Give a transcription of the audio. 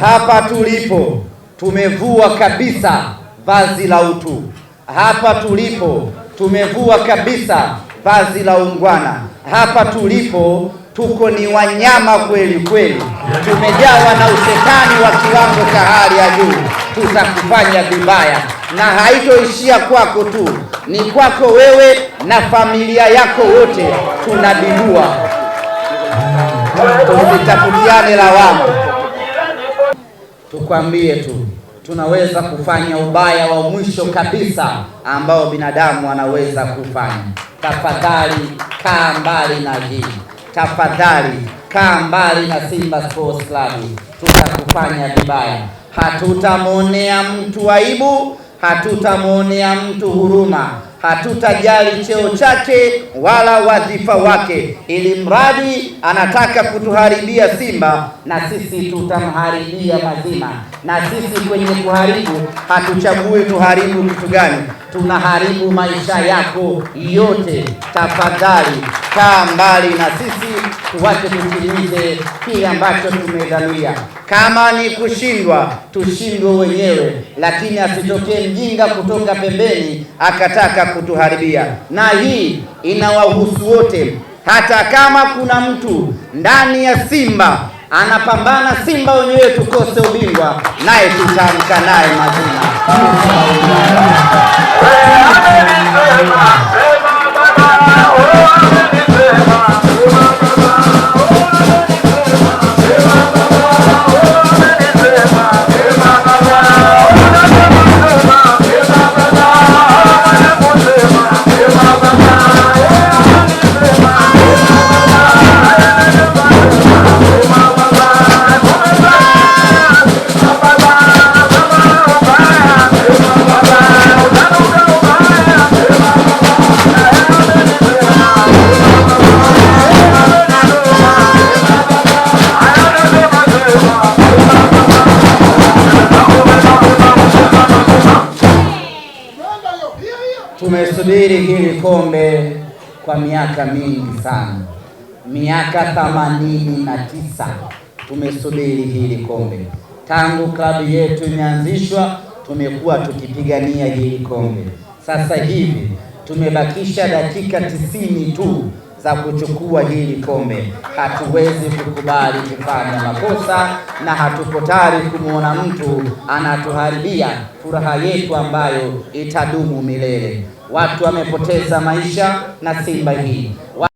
Hapa tulipo tumevua kabisa vazi la utu. Hapa tulipo tumevua kabisa vazi la ungwana. Hapa tulipo tuko ni wanyama kweli kweli, tumejawa na ushetani wa kiwango cha hali ya juu. Tutakufanya vibaya, na haitoishia kwako tu, ni kwako wewe na familia yako, wote tunabibua. Usitafutiane lawama tukwambie tu tunaweza kufanya ubaya wa mwisho kabisa ambao binadamu anaweza kufanya. Tafadhali kaa mbali na hii, tafadhali kaa mbali na Simba Sports Club, tutakufanya vibaya. Hatutamwonea mtu aibu hatutamwonea mtu huruma, hatutajali cheo chake wala wadhifa wake, ili mradi anataka kutuharibia Simba na sisi tutamharibia mazima. Na sisi kwenye kuharibu hatuchagui tuharibu kitu gani, tunaharibu maisha yako yote. Tafadhali kaa mbali na sisi, tuwache tusikilize kile ambacho tumedhamiria. Kama ni kushindwa, tushindwe wenyewe, lakini asitokee mjinga kutoka pembeni akataka kutuharibia. Na hii inawahusu wote, hata kama kuna mtu ndani ya Simba anapambana Simba wenyewe tukose ubingwa, naye tutamka naye majina tumesubiri hili kombe kwa miaka mingi sana, miaka themanini na tisa tumesubiri hili kombe. Tangu klabu yetu imeanzishwa, tumekuwa tukipigania hili kombe. Sasa hivi tumebakisha dakika tisini tu za kuchukua hili kombe. Hatuwezi kukubali kufanya makosa na hatuko tayari kumwona mtu anatuharibia furaha yetu ambayo itadumu milele. Watu wamepoteza maisha na Simba hii.